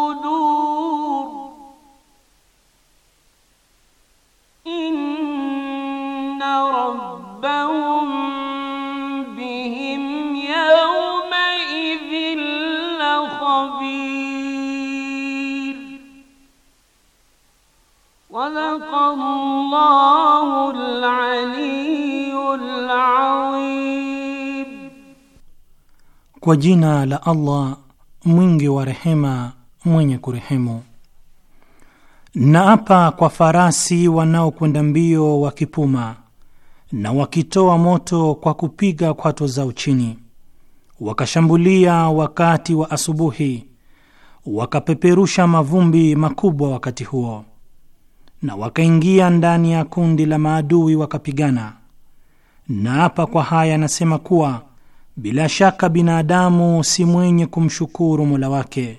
الصدور إن ربهم بهم يومئذ لخبير ولق الله العلي العظيم Kwa jina la Allah mwingi wa rehema mwenye kurehemu. Naapa kwa farasi wanaokwenda mbio wakipuma na wakitoa moto kwa kupiga kwato zao chini, wakashambulia wakati wa asubuhi, wakapeperusha mavumbi makubwa wakati huo, na wakaingia ndani ya kundi la maadui wakapigana. Naapa kwa haya, anasema kuwa bila shaka binadamu si mwenye kumshukuru Mola wake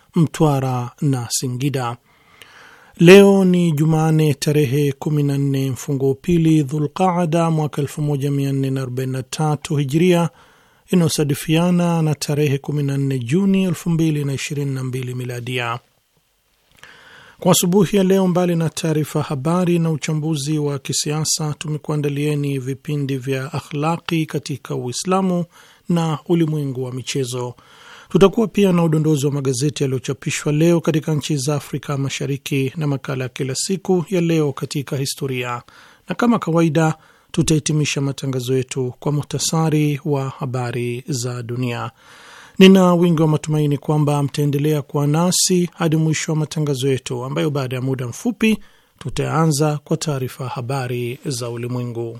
Mtwara na Singida. Leo ni Jumane tarehe 14 mfungo pili Dhulqaada mwaka 1443 Hijria, inayosadifiana na tarehe 14 Juni 2022 Miladia. Kwa asubuhi ya leo, mbali na taarifa habari na uchambuzi wa kisiasa, tumekuandalieni vipindi vya akhlaqi katika Uislamu na ulimwengu wa michezo. Tutakuwa pia na udondozi wa magazeti yaliyochapishwa leo katika nchi za Afrika Mashariki na makala ya kila siku ya leo katika historia, na kama kawaida tutahitimisha matangazo yetu kwa muhtasari wa habari za dunia. Nina wingi wa matumaini kwamba mtaendelea kuwa nasi hadi mwisho wa matangazo yetu ambayo baada ya muda mfupi tutaanza kwa taarifa habari za ulimwengu.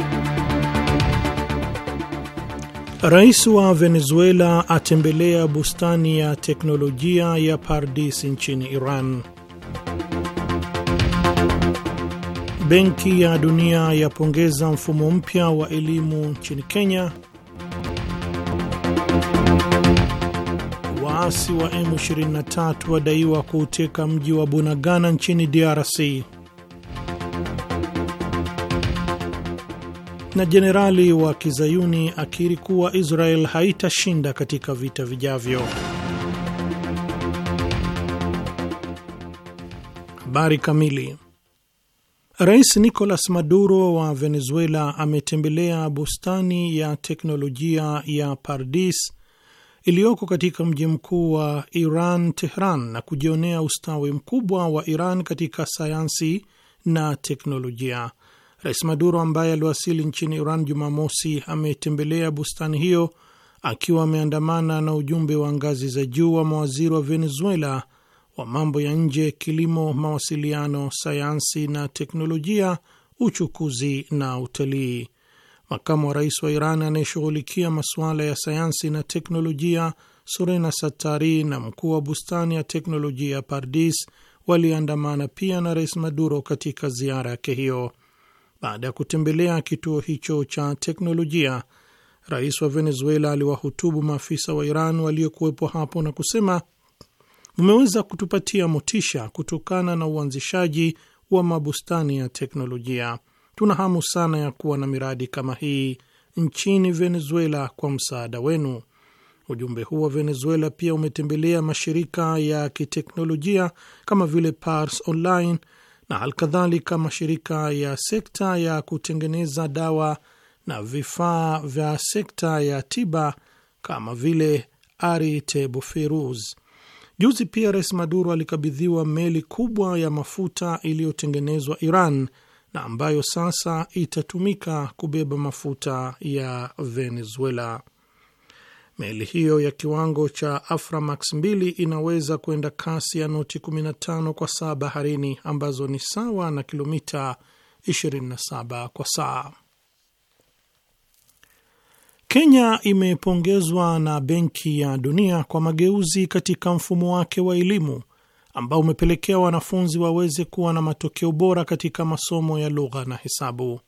Rais wa Venezuela atembelea bustani ya teknolojia ya Pardis nchini Iran. Benki ya Dunia yapongeza mfumo mpya wa elimu nchini Kenya. Waasi wa M23 wadaiwa kuuteka mji wa Bunagana nchini DRC. na jenerali wa kizayuni akiri kuwa Israel haitashinda katika vita vijavyo. Habari kamili. Rais Nicolas Maduro wa Venezuela ametembelea bustani ya teknolojia ya Pardis iliyoko katika mji mkuu wa Iran, Tehran, na kujionea ustawi mkubwa wa Iran katika sayansi na teknolojia. Rais Maduro ambaye aliwasili nchini Iran Jumamosi ametembelea bustani hiyo akiwa ameandamana na ujumbe wa ngazi za juu wa mawaziri wa Venezuela wa mambo ya nje, kilimo, mawasiliano, sayansi na teknolojia, uchukuzi na utalii. Makamu wa rais wa Iran anayeshughulikia masuala ya sayansi na teknolojia Sorena Satari na mkuu wa bustani ya teknolojia Pardis waliandamana pia na Rais Maduro katika ziara yake hiyo. Baada ya kutembelea kituo hicho cha teknolojia, rais wa Venezuela aliwahutubu maafisa wa Iran waliokuwepo hapo na kusema, mmeweza kutupatia motisha kutokana na uanzishaji wa mabustani ya teknolojia. Tuna hamu sana ya kuwa na miradi kama hii nchini Venezuela kwa msaada wenu. Ujumbe huu wa Venezuela pia umetembelea mashirika ya kiteknolojia kama vile Pars Online na halikadhalika mashirika ya sekta ya kutengeneza dawa na vifaa vya sekta ya tiba kama vile Aritebuferuz. Juzi pia Rais Maduro alikabidhiwa meli kubwa ya mafuta iliyotengenezwa Iran na ambayo sasa itatumika kubeba mafuta ya Venezuela meli hiyo ya kiwango cha Aframax 2 inaweza kwenda kasi ya noti 15 kwa saa baharini ambazo ni sawa na kilomita 27 kwa saa. Kenya imepongezwa na Benki ya Dunia kwa mageuzi katika mfumo wake wa elimu ambao umepelekea wanafunzi waweze kuwa na matokeo bora katika masomo ya lugha na hesabu.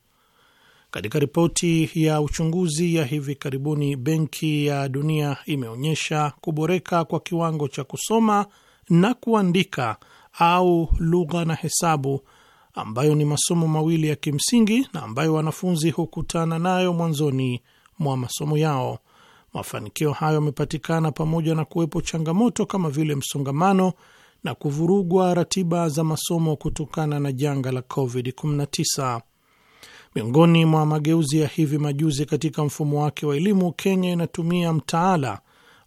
Katika ripoti ya uchunguzi ya hivi karibuni, Benki ya Dunia imeonyesha kuboreka kwa kiwango cha kusoma na kuandika au lugha na hesabu, ambayo ni masomo mawili ya kimsingi na ambayo wanafunzi hukutana nayo mwanzoni mwa masomo yao. Mafanikio hayo yamepatikana pamoja na kuwepo changamoto kama vile msongamano na kuvurugwa ratiba za masomo kutokana na janga la COVID-19. Miongoni mwa mageuzi ya hivi majuzi katika mfumo wake wa elimu, Kenya inatumia mtaala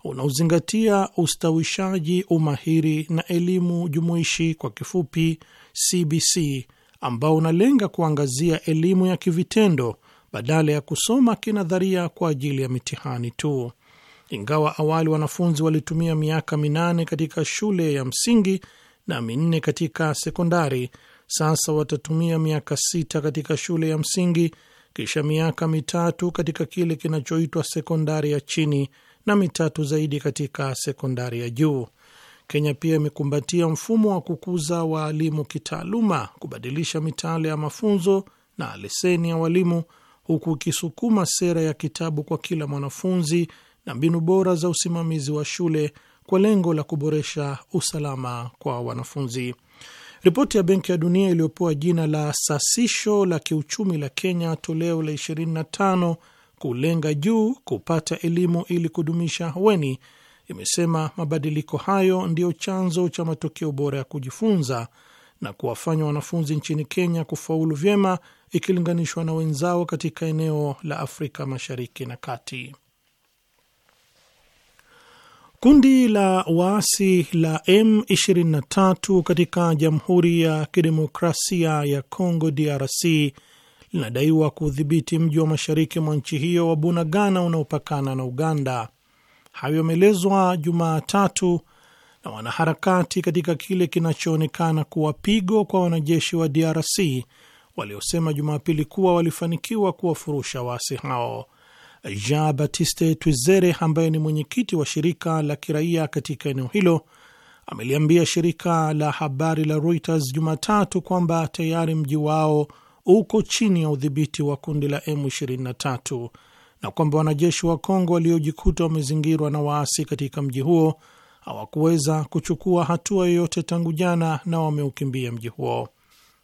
unaozingatia ustawishaji, umahiri na elimu jumuishi, kwa kifupi CBC, ambao unalenga kuangazia elimu ya kivitendo badala ya kusoma kinadharia kwa ajili ya mitihani tu. Ingawa awali wanafunzi walitumia miaka minane katika shule ya msingi na minne katika sekondari, sasa watatumia miaka sita katika shule ya msingi, kisha miaka mitatu katika kile kinachoitwa sekondari ya chini na mitatu zaidi katika sekondari ya juu. Kenya pia imekumbatia mfumo wa kukuza waalimu kitaaluma, kubadilisha mitaala ya mafunzo na leseni ya walimu, huku ikisukuma sera ya kitabu kwa kila mwanafunzi na mbinu bora za usimamizi wa shule kwa lengo la kuboresha usalama kwa wanafunzi. Ripoti ya Benki ya Dunia iliyopewa jina la sasisho la kiuchumi la Kenya toleo la 25 kulenga juu kupata elimu ili kudumisha haweni imesema mabadiliko hayo ndiyo chanzo cha matokeo bora ya kujifunza na kuwafanya wanafunzi nchini Kenya kufaulu vyema ikilinganishwa na wenzao katika eneo la Afrika Mashariki na Kati. Kundi la waasi la M23 katika Jamhuri ya Kidemokrasia ya Kongo DRC linadaiwa kuudhibiti mji wa mashariki mwa nchi hiyo wa Bunagana unaopakana na Uganda. Hayo yameelezwa Jumatatu na wanaharakati katika kile kinachoonekana kuwa pigo kwa wanajeshi wa DRC waliosema Jumapili kuwa walifanikiwa kuwafurusha waasi hao. Jean Batiste Twizere ambaye ni mwenyekiti wa shirika la kiraia katika eneo hilo ameliambia shirika la habari la Reuters Jumatatu kwamba tayari mji wao uko chini ya udhibiti wa kundi la M23 na kwamba wanajeshi wa Kongo waliojikuta wamezingirwa na waasi katika mji huo hawakuweza kuchukua hatua yoyote tangu jana na wameukimbia mji huo.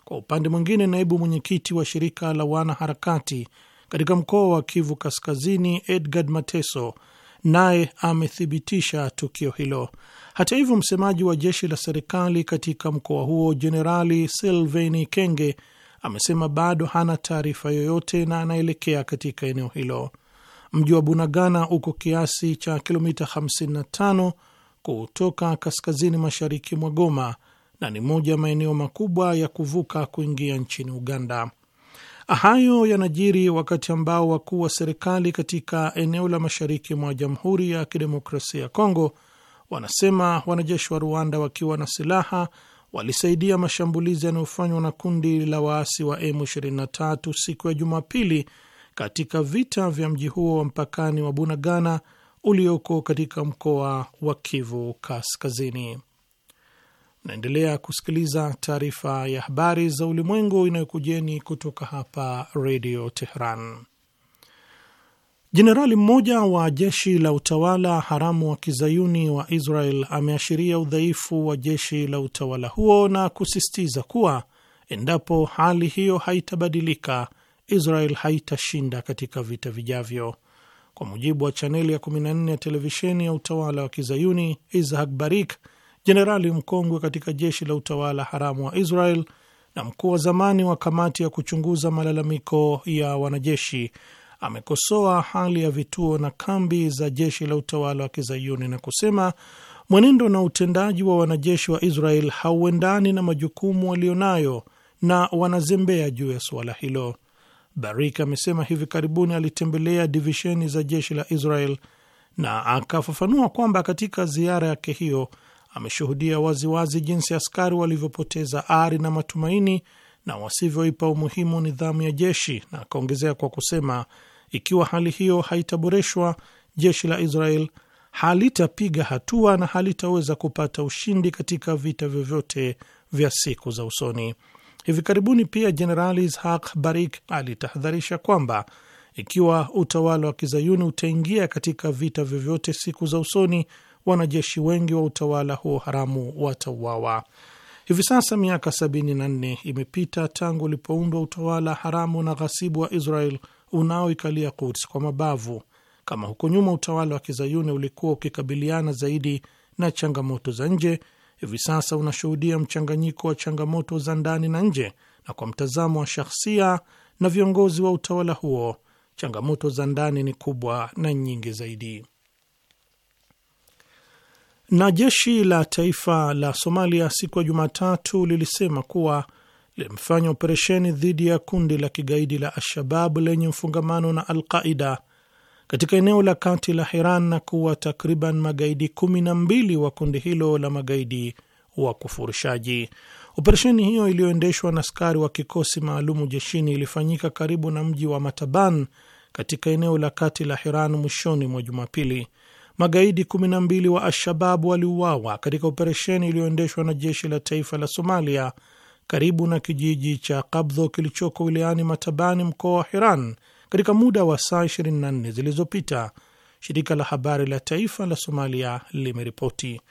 Kwa upande mwingine, naibu mwenyekiti wa shirika la wanaharakati katika mkoa wa Kivu Kaskazini, Edgard Mateso, naye amethibitisha tukio hilo. Hata hivyo, msemaji wa jeshi la serikali katika mkoa huo Jenerali Silveni Kenge amesema bado hana taarifa yoyote na anaelekea katika eneo hilo. Mji wa Bunagana uko kiasi cha kilomita 55 kutoka kaskazini mashariki mwa Goma na ni moja ya maeneo makubwa ya kuvuka kuingia nchini Uganda. Hayo yanajiri wakati ambao wakuu wa serikali katika eneo la mashariki mwa Jamhuri ya Kidemokrasia ya Kongo wanasema wanajeshi wa Rwanda wakiwa na silaha walisaidia mashambulizi yanayofanywa na kundi la waasi wa M23 siku ya Jumapili katika vita vya mji huo wa mpakani wa Bunagana ulioko katika mkoa wa Kivu Kaskazini. Naendelea kusikiliza taarifa ya habari za ulimwengu inayokujeni kutoka hapa redio Tehran. Jenerali mmoja wa jeshi la utawala haramu wa kizayuni wa Israel ameashiria udhaifu wa jeshi la utawala huo na kusisitiza kuwa endapo hali hiyo haitabadilika, Israel haitashinda katika vita vijavyo. Kwa mujibu wa chaneli ya 14 ya televisheni ya utawala wa kizayuni, Ishak Barik jenerali mkongwe katika jeshi la utawala haramu wa Israel na mkuu wa zamani wa kamati ya kuchunguza malalamiko ya wanajeshi amekosoa hali ya vituo na kambi za jeshi la utawala wa kizayuni na kusema mwenendo na utendaji wa wanajeshi wa Israel hauendani na majukumu walionayo na wanazembea juu ya suala hilo. Barik amesema hivi karibuni alitembelea divisheni za jeshi la Israel na akafafanua kwamba katika ziara yake hiyo ameshuhudia waziwazi jinsi askari walivyopoteza ari na matumaini na wasivyoipa umuhimu nidhamu ya jeshi, na akaongezea kwa kusema, ikiwa hali hiyo haitaboreshwa, jeshi la Israel halitapiga hatua na halitaweza kupata ushindi katika vita vyovyote vya siku za usoni. Hivi karibuni pia Jenerali Ishaq Barik alitahadharisha kwamba ikiwa utawala wa kizayuni utaingia katika vita vyovyote siku za usoni wanajeshi wengi wa utawala huo haramu watauawa. Hivi sasa miaka 74 imepita tangu ulipoundwa utawala haramu na ghasibu wa Israel unaoikalia Quds kwa mabavu. Kama huko nyuma utawala wa kizayuni ulikuwa ukikabiliana zaidi na changamoto za nje, hivi sasa unashuhudia mchanganyiko wa changamoto za ndani na nje, na kwa mtazamo wa shahsia na viongozi wa utawala huo, changamoto za ndani ni kubwa na nyingi zaidi. Na jeshi la taifa la Somalia siku ya Jumatatu lilisema kuwa limefanya operesheni dhidi ya kundi la kigaidi la Al-Shabab lenye mfungamano na Al-Qaida katika eneo la kati la Hiran na kuwa takriban magaidi kumi na mbili wa kundi hilo la magaidi wa kufurishaji. Operesheni hiyo iliyoendeshwa na askari wa kikosi maalumu jeshini ilifanyika karibu na mji wa Mataban katika eneo la kati la Hiran mwishoni mwa Jumapili magaidi 12 wa al waliuawa katika operesheni iliyoendeshwa na jeshi la taifa la Somalia karibu na kijiji cha Kabdho kilichoko wilayani Matabani, mkoa wa Hiran, katika muda wa saa 24 zilizopita, shirika la habari la taifa la Somalia limeripoti.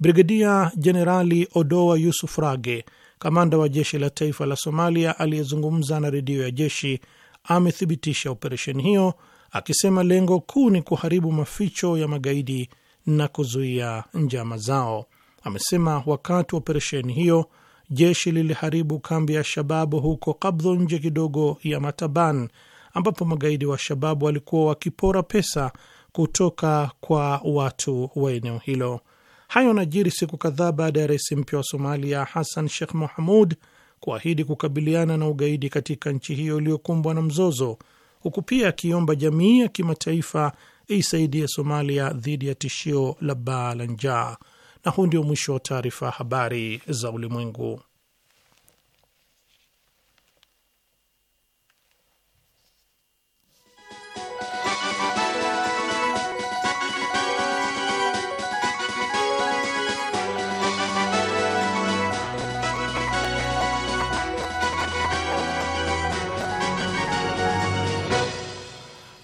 Brigedia Jenerali Odoa Yusuf Rage, kamanda wa jeshi la taifa la Somalia, aliyezungumza na redio ya jeshi, amethibitisha operesheni hiyo akisema lengo kuu ni kuharibu maficho ya magaidi na kuzuia njama zao. Amesema wakati wa operesheni hiyo jeshi liliharibu kambi ya Shababu huko Kabdho, nje kidogo ya Mataban, ambapo magaidi wa Shababu walikuwa wakipora pesa kutoka kwa watu wa eneo hilo. Hayo najiri siku kadhaa baada ya rais mpya wa Somalia Hassan Sheikh Mohamud kuahidi kukabiliana na ugaidi katika nchi hiyo iliyokumbwa na mzozo huku pia akiomba jamii ya kimataifa isaidie Somalia dhidi ya tishio la baa la njaa. Na huu ndio mwisho wa taarifa habari za ulimwengu.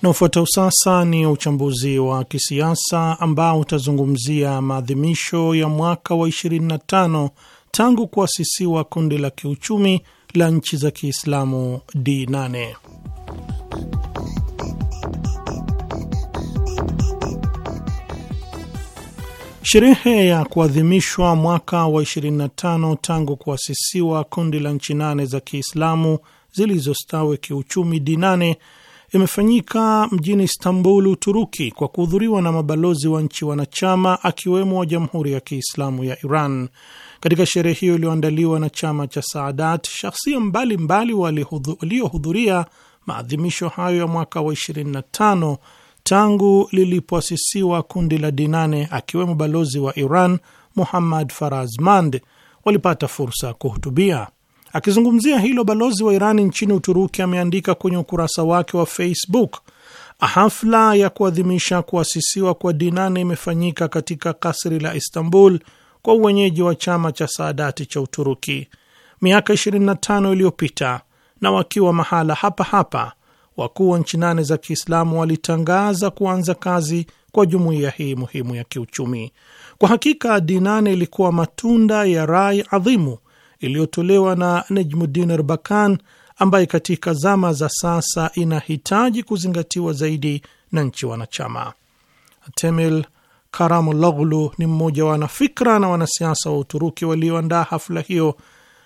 Na ufuatao sasa ni uchambuzi wa kisiasa ambao utazungumzia maadhimisho ya mwaka wa 25 tangu kuasisiwa kundi la kiuchumi la nchi za Kiislamu D8. Sherehe ya kuadhimishwa mwaka wa 25 tangu kuasisiwa kundi la nchi nane za Kiislamu zilizostawi kiuchumi D8 imefanyika mjini Istanbul, Uturuki, kwa kuhudhuriwa na mabalozi wa nchi wanachama akiwemo wa Jamhuri ya Kiislamu ya Iran. Katika sherehe hiyo iliyoandaliwa na chama cha Saadat, shahsia mbalimbali waliohudhuria maadhimisho hayo ya mwaka wa 25 tangu lilipoasisiwa kundi la Dinane, akiwemo balozi wa Iran Muhammad Farazmand walipata fursa ya kuhutubia. Akizungumzia hilo, balozi wa Irani nchini Uturuki ameandika kwenye ukurasa wake wa Facebook, hafla ya kuadhimisha kuasisiwa kwa Dinane imefanyika katika kasri la Istanbul kwa uwenyeji wa chama cha Saadati cha Uturuki miaka 25 iliyopita, na wakiwa mahala hapa hapa wakuu wa nchi nane za Kiislamu walitangaza kuanza kazi kwa jumuiya hii muhimu ya kiuchumi. Kwa hakika Dinane ilikuwa matunda ya rai adhimu iliyotolewa na Najmuddin Erbakan ambaye katika zama za sasa inahitaji kuzingatiwa zaidi na nchi wanachama. Temel Karamoglou ni mmoja wa wanafikra na wanasiasa wa Uturuki walioandaa hafla hiyo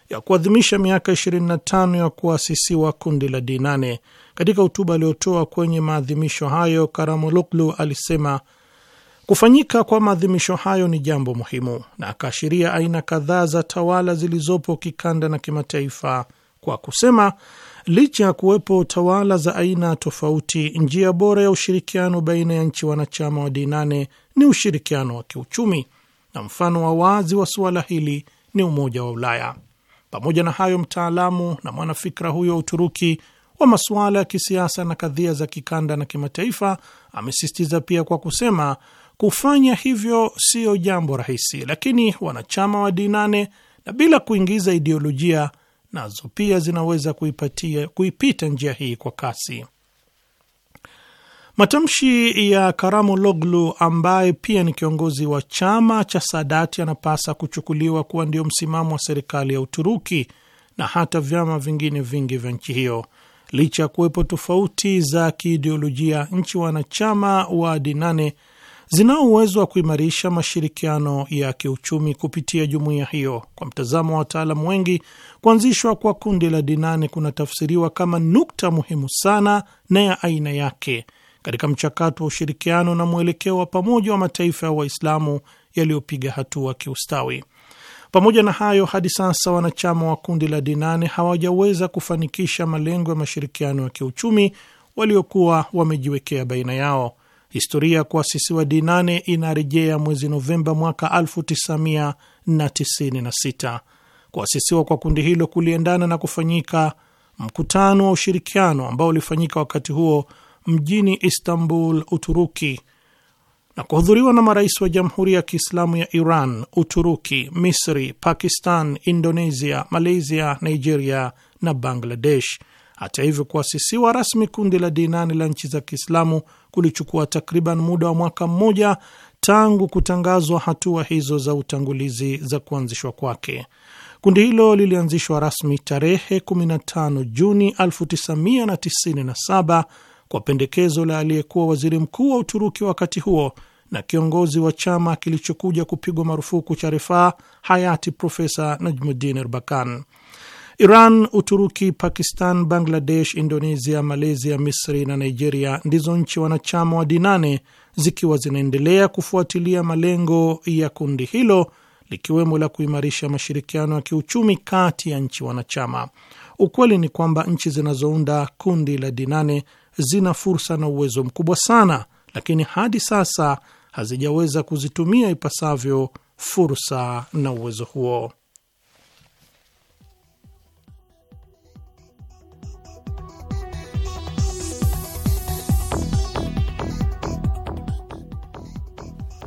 ya kuadhimisha miaka 25 ya kuasisiwa kundi la D8. Katika hotuba aliyotoa kwenye maadhimisho hayo, Karamoglou alisema Kufanyika kwa maadhimisho hayo ni jambo muhimu, na akaashiria aina kadhaa za tawala zilizopo kikanda na kimataifa kwa kusema, licha ya kuwepo tawala za aina tofauti, njia bora ya ushirikiano baina ya nchi wanachama wa D8 ni ushirikiano wa kiuchumi, na mfano wa wazi wa suala hili ni Umoja wa Ulaya. Pamoja na hayo, mtaalamu na mwanafikra huyo wa Uturuki wa masuala ya kisiasa na kadhia za kikanda na kimataifa amesisitiza pia kwa kusema Kufanya hivyo siyo jambo rahisi, lakini wanachama wa D8 na bila kuingiza ideolojia nazo pia zinaweza kuipatia, kuipita njia hii kwa kasi. Matamshi ya karamu loglu ambaye pia ni kiongozi wa chama cha Sadati anapasa kuchukuliwa kuwa ndio msimamo wa serikali ya Uturuki na hata vyama vingine vingi vya nchi hiyo. Licha ya kuwepo tofauti za kiideolojia, nchi wanachama wa dinane zinao uwezo wa kuimarisha mashirikiano ya kiuchumi kupitia jumuiya hiyo. Kwa mtazamo wa wataalamu wengi, kuanzishwa kwa kundi la dinane kunatafsiriwa kama nukta muhimu sana na ya aina yake katika mchakato wa ushirikiano na mwelekeo wa pamoja wa mataifa ya Waislamu yaliyopiga hatua kiustawi. Pamoja na hayo, hadi sasa wanachama wa kundi la Dinane hawajaweza kufanikisha malengo ya mashirikiano ya kiuchumi waliokuwa wamejiwekea baina yao. Historia ya kuasisiwa D8 inarejea mwezi Novemba mwaka 1996. Kuasisiwa kwa kundi hilo kuliendana na kufanyika mkutano wa ushirikiano ambao ulifanyika wakati huo mjini Istanbul, Uturuki, na kuhudhuriwa na marais wa Jamhuri ya Kiislamu ya Iran, Uturuki, Misri, Pakistan, Indonesia, Malaysia, Nigeria na Bangladesh. Hata hivyo, kuasisiwa rasmi kundi la D8 la nchi za Kiislamu kulichukua takriban muda wa mwaka mmoja tangu kutangazwa hatua hizo za utangulizi za kuanzishwa kwake. Kundi hilo lilianzishwa rasmi tarehe 15 Juni 1997 kwa pendekezo la aliyekuwa waziri mkuu wa Uturuki wakati huo na kiongozi wa chama kilichokuja kupigwa marufuku cha Refaa hayati Profesa Najmuddin Erbakan. Iran, Uturuki, Pakistan, Bangladesh, Indonesia, Malaysia, Misri na Nigeria ndizo nchi wanachama wa dinane zikiwa zinaendelea kufuatilia malengo ya kundi hilo likiwemo la kuimarisha mashirikiano ya kiuchumi kati ya nchi wanachama. Ukweli ni kwamba nchi zinazounda kundi la dinane zina fursa na uwezo mkubwa sana, lakini hadi sasa hazijaweza kuzitumia ipasavyo fursa na uwezo huo.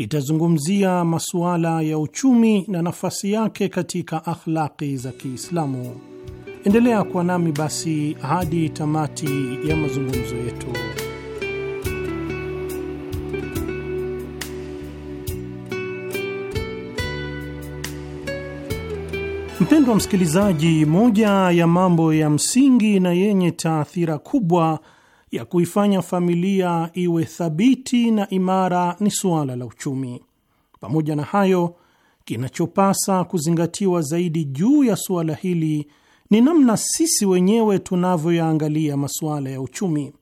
kitazungumzia masuala ya uchumi na nafasi yake katika akhlaqi za Kiislamu. Endelea kuwa nami basi hadi tamati ya mazungumzo yetu. Mpendwa msikilizaji, moja ya mambo ya msingi na yenye taathira kubwa ya kuifanya familia iwe thabiti na imara ni suala la uchumi. Pamoja na hayo, kinachopasa kuzingatiwa zaidi juu ya suala hili ni namna sisi wenyewe tunavyoyaangalia masuala ya uchumi.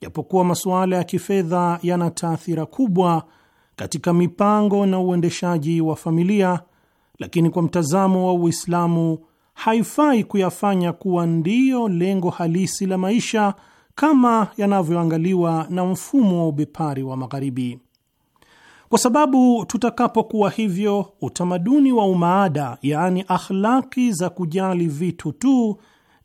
Japokuwa masuala ya kifedha yana taathira kubwa katika mipango na uendeshaji wa familia, lakini kwa mtazamo wa Uislamu haifai kuyafanya kuwa ndiyo lengo halisi la maisha kama yanavyoangaliwa na mfumo wa ubepari wa Magharibi, kwa sababu tutakapokuwa hivyo, utamaduni wa umaada, yaani akhlaki za kujali vitu tu,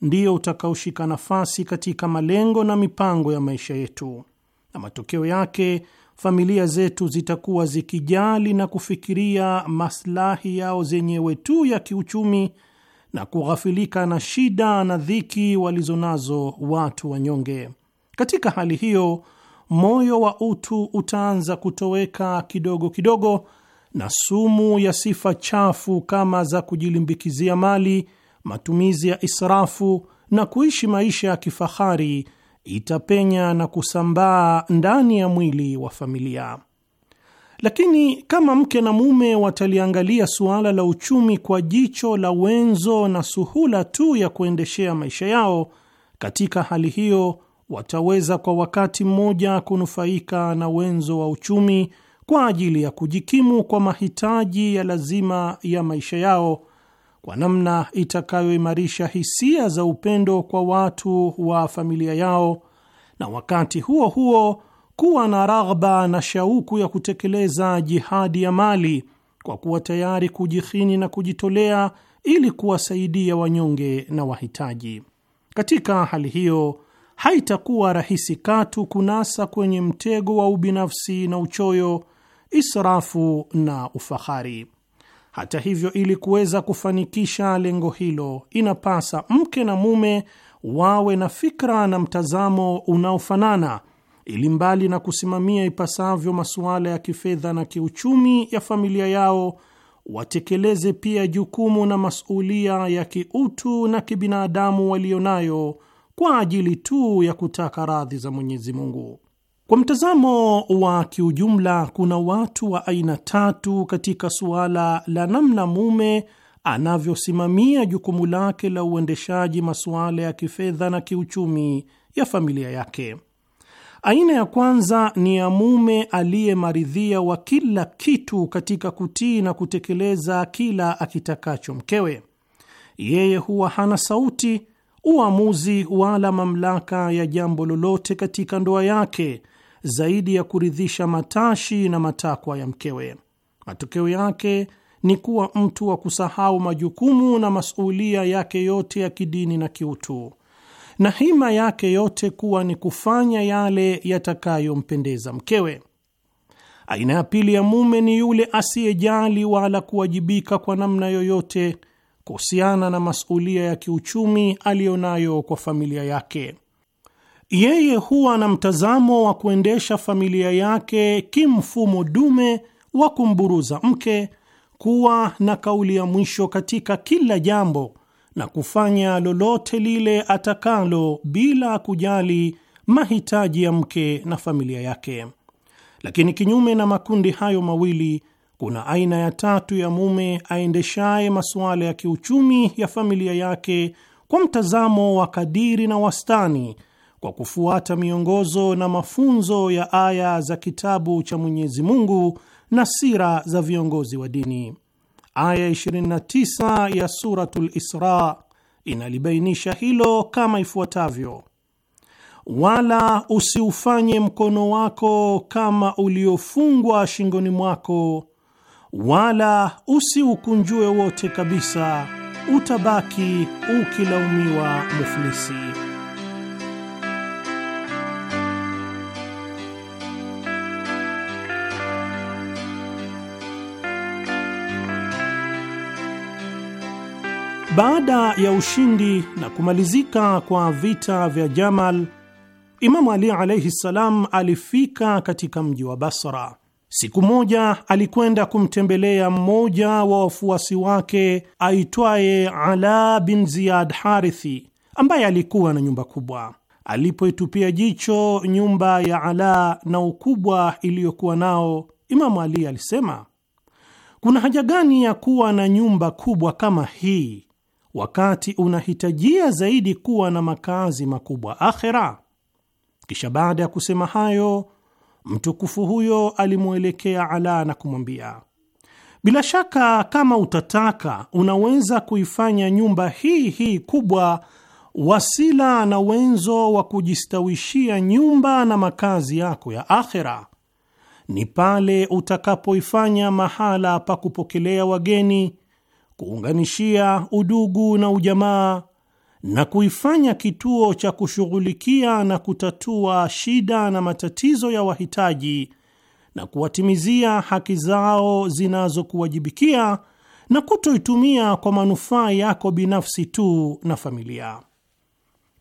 ndio utakaoshika nafasi katika malengo na mipango ya maisha yetu, na matokeo yake familia zetu zitakuwa zikijali na kufikiria maslahi yao zenyewe tu ya kiuchumi na kughafilika na shida na dhiki walizonazo watu wanyonge. Katika hali hiyo, moyo wa utu utaanza kutoweka kidogo kidogo, na sumu ya sifa chafu kama za kujilimbikizia mali, matumizi ya israfu na kuishi maisha ya kifahari itapenya na kusambaa ndani ya mwili wa familia. Lakini kama mke na mume wataliangalia suala la uchumi kwa jicho la wenzo na suhula tu ya kuendeshea maisha yao, katika hali hiyo wataweza kwa wakati mmoja kunufaika na wenzo wa uchumi kwa ajili ya kujikimu kwa mahitaji ya lazima ya maisha yao kwa namna itakayoimarisha hisia za upendo kwa watu wa familia yao, na wakati huo huo kuwa na raghba na shauku ya kutekeleza jihadi ya mali kwa kuwa tayari kujihini na kujitolea ili kuwasaidia wanyonge na wahitaji. Katika hali hiyo, haitakuwa rahisi katu kunasa kwenye mtego wa ubinafsi na uchoyo, israfu na ufahari. Hata hivyo, ili kuweza kufanikisha lengo hilo, inapasa mke na mume wawe na fikra na mtazamo unaofanana ili mbali na kusimamia ipasavyo masuala ya kifedha na kiuchumi ya familia yao, watekeleze pia jukumu na masulia ya kiutu na kibinadamu nayo kwa ajili tu ya kutaka radhi za Mwenyezi Mungu. Kwa mtazamo wa kiujumla, kuna watu wa aina tatu katika suala la namna mume anavyosimamia jukumu lake la uendeshaji masuala ya kifedha na kiuchumi ya familia yake. Aina ya kwanza ni ya mume aliyemaridhia wa kila kitu katika kutii na kutekeleza kila akitakacho mkewe. Yeye huwa hana sauti, uamuzi wala mamlaka ya jambo lolote katika ndoa yake zaidi ya kuridhisha matashi na matakwa ya mkewe. Matokeo yake ni kuwa mtu wa kusahau majukumu na masuulia yake yote ya kidini na kiutu na hima yake yote kuwa ni kufanya yale yatakayompendeza mkewe. Aina ya pili ya mume ni yule asiyejali wala kuwajibika kwa namna yoyote kuhusiana na masulia ya kiuchumi aliyonayo kwa familia yake. Yeye huwa na mtazamo wa kuendesha familia yake kimfumo dume wa kumburuza mke, kuwa na kauli ya mwisho katika kila jambo na kufanya lolote lile atakalo bila kujali mahitaji ya mke na familia yake. Lakini kinyume na makundi hayo mawili, kuna aina ya tatu ya mume aendeshaye masuala ya kiuchumi ya familia yake kwa mtazamo wa kadiri na wastani, kwa kufuata miongozo na mafunzo ya aya za kitabu cha Mwenyezi Mungu na sira za viongozi wa dini. Aya 29 ya Suratul Isra inalibainisha hilo kama ifuatavyo: wala usiufanye mkono wako kama uliofungwa shingoni mwako, wala usiukunjue wote kabisa, utabaki ukilaumiwa muflisi. Baada ya ushindi na kumalizika kwa vita vya Jamal, Imamu Ali alaihi ssalam alifika katika mji wa Basra. Siku moja alikwenda kumtembelea mmoja wa wafuasi wake aitwaye Ala bin Ziyad Harithi, ambaye alikuwa na nyumba kubwa. Alipoitupia jicho nyumba ya Ala na ukubwa iliyokuwa nao, Imamu Ali alisema, kuna haja gani ya kuwa na nyumba kubwa kama hii wakati unahitajia zaidi kuwa na makazi makubwa akhera? Kisha baada ya kusema hayo, mtukufu huyo alimwelekea Ala na kumwambia, bila shaka kama utataka unaweza kuifanya nyumba hii hii kubwa wasila na wenzo wa kujistawishia nyumba na makazi yako ya akhera. Ni pale utakapoifanya mahala pa kupokelea wageni kuunganishia udugu na ujamaa na kuifanya kituo cha kushughulikia na kutatua shida na matatizo ya wahitaji na kuwatimizia haki zao zinazokuwajibikia na kutoitumia kwa manufaa yako binafsi tu na familia.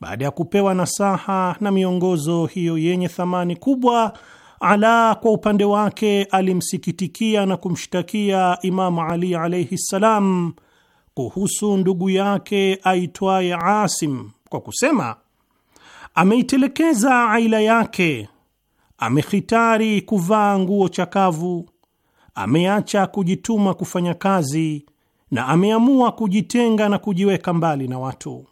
Baada ya kupewa nasaha na miongozo hiyo yenye thamani kubwa Ala kwa upande wake alimsikitikia na kumshtakia Imamu Ali alaihi ssalam kuhusu ndugu yake aitwaye Asim kwa kusema ameitelekeza aila yake, amehitari kuvaa nguo chakavu, ameacha kujituma kufanya kazi na ameamua kujitenga na kujiweka mbali na watu.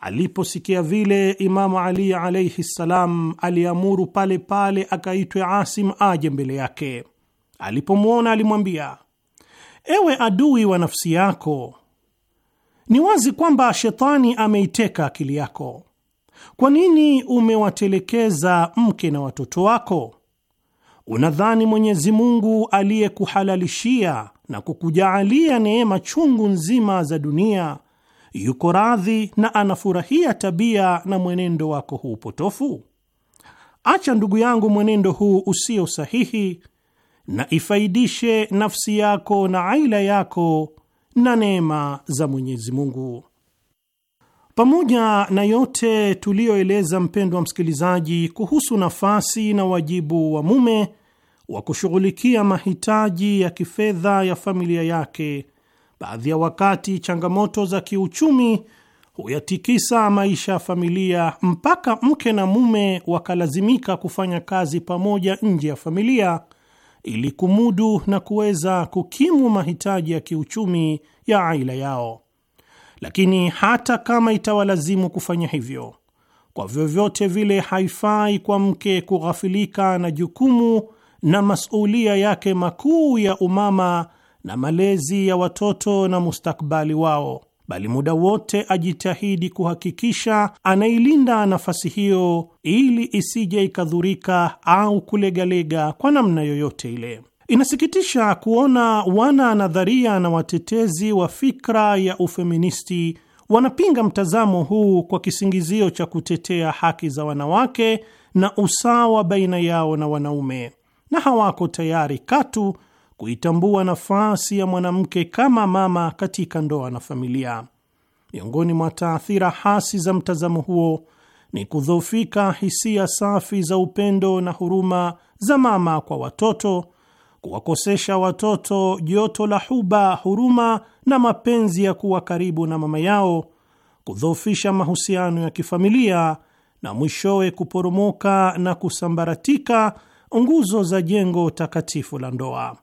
Aliposikia vile, Imamu Ali alaihi ssalam aliamuru pale pale akaitwe Asim aje mbele yake. Alipomwona alimwambia, ewe adui wa nafsi yako, ni wazi kwamba shetani ameiteka akili yako. Kwa nini umewatelekeza mke na watoto wako? Unadhani Mwenyezi Mungu aliyekuhalalishia na kukujaalia neema chungu nzima za dunia yuko radhi na anafurahia tabia na mwenendo wako huu potofu? Acha ndugu yangu mwenendo huu usio sahihi na ifaidishe nafsi yako na aila yako na neema za Mwenyezi Mungu. Pamoja na yote tuliyoeleza, mpendwa msikilizaji, kuhusu nafasi na wajibu wa mume wa kushughulikia mahitaji ya kifedha ya familia yake baadhi ya wakati changamoto za kiuchumi huyatikisa maisha ya familia mpaka mke na mume wakalazimika kufanya kazi pamoja nje ya familia ili kumudu na kuweza kukimu mahitaji ya kiuchumi ya aila yao. Lakini hata kama itawalazimu kufanya hivyo, kwa vyovyote vile haifai kwa mke kughafilika na jukumu na masulia yake makuu ya umama na malezi ya watoto na mustakbali wao, bali muda wote ajitahidi kuhakikisha anailinda nafasi hiyo ili isije ikadhurika au kulegalega kwa namna yoyote ile. Inasikitisha kuona wana nadharia na watetezi wa fikra ya ufeministi wanapinga mtazamo huu kwa kisingizio cha kutetea haki za wanawake na usawa baina yao na wanaume, na hawako tayari katu kuitambua nafasi ya mwanamke kama mama katika ndoa na familia. Miongoni mwa taathira hasi za mtazamo huo ni kudhoofika hisia safi za upendo na huruma za mama kwa watoto, kuwakosesha watoto joto la huba, huruma na mapenzi ya kuwa karibu na mama yao, kudhoofisha mahusiano ya kifamilia na mwishowe kuporomoka na kusambaratika nguzo za jengo takatifu la ndoa.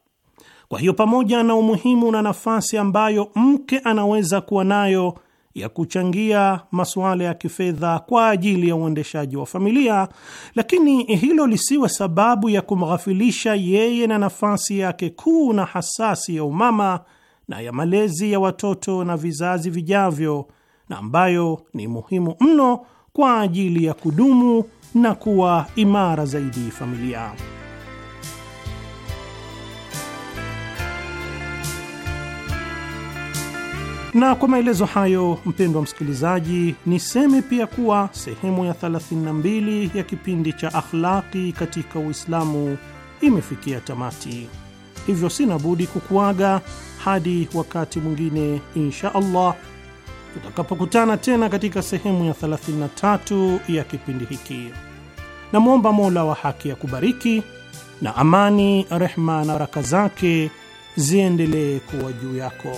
Kwa hiyo pamoja na umuhimu na nafasi ambayo mke anaweza kuwa nayo ya kuchangia masuala ya kifedha kwa ajili ya uendeshaji wa familia, lakini hilo lisiwe sababu ya kumghafilisha yeye na nafasi yake kuu na hasasi ya umama na ya malezi ya watoto na vizazi vijavyo, na ambayo ni muhimu mno kwa ajili ya kudumu na kuwa imara zaidi familia. Na kwa maelezo hayo, mpendwa msikilizaji, niseme pia kuwa sehemu ya 32 ya kipindi cha Akhlaqi katika Uislamu imefikia tamati, hivyo sina budi kukuaga hadi wakati mwingine insha Allah tutakapokutana tena katika sehemu ya 33 ya kipindi hiki. Namwomba Mola wa haki ya kubariki na amani, rehma na baraka zake ziendelee kuwa juu yako.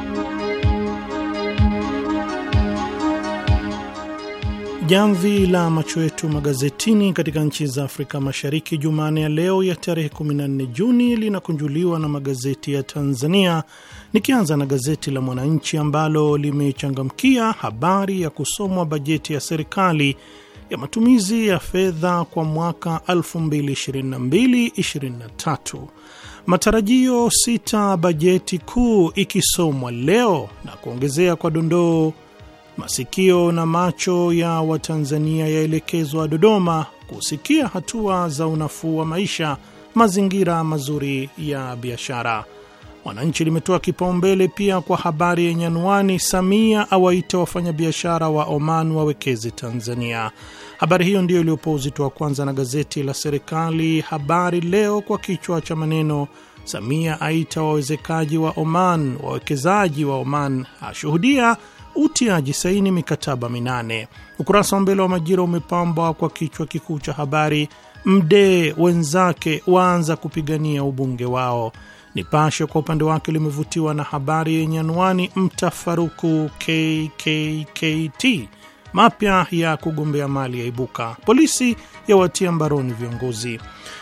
jamvi la macho yetu magazetini katika nchi za Afrika Mashariki Jumanne ya leo ya tarehe 14 Juni linakunjuliwa na magazeti ya Tanzania, nikianza na gazeti la Mwananchi ambalo limechangamkia habari ya kusomwa bajeti ya serikali ya matumizi ya fedha kwa mwaka 2022 Matarajio sita, bajeti kuu ikisomwa leo na kuongezea kwa dondoo masikio na macho ya Watanzania yaelekezwa Dodoma kusikia hatua za unafuu wa maisha, mazingira mazuri ya biashara. wananchi limetoa kipaumbele pia kwa habari yenye anwani, Samia awaita wafanyabiashara wa Oman wawekeze Tanzania. Habari hiyo ndiyo iliyopoa uzito wa kwanza na gazeti la serikali Habari Leo kwa kichwa cha maneno, Samia aita wawezekaji wa Oman, wawekezaji wa Oman ashuhudia utiaji saini mikataba minane. Ukurasa wa mbele wa Majira umepambwa kwa kichwa kikuu cha habari, Mdee wenzake waanza kupigania ubunge wao. Nipashe kwa upande wake limevutiwa na habari yenye anwani mtafaruku KKKT mapya ya kugombea mali ya ibuka polisi yawatia mbaroni viongozi.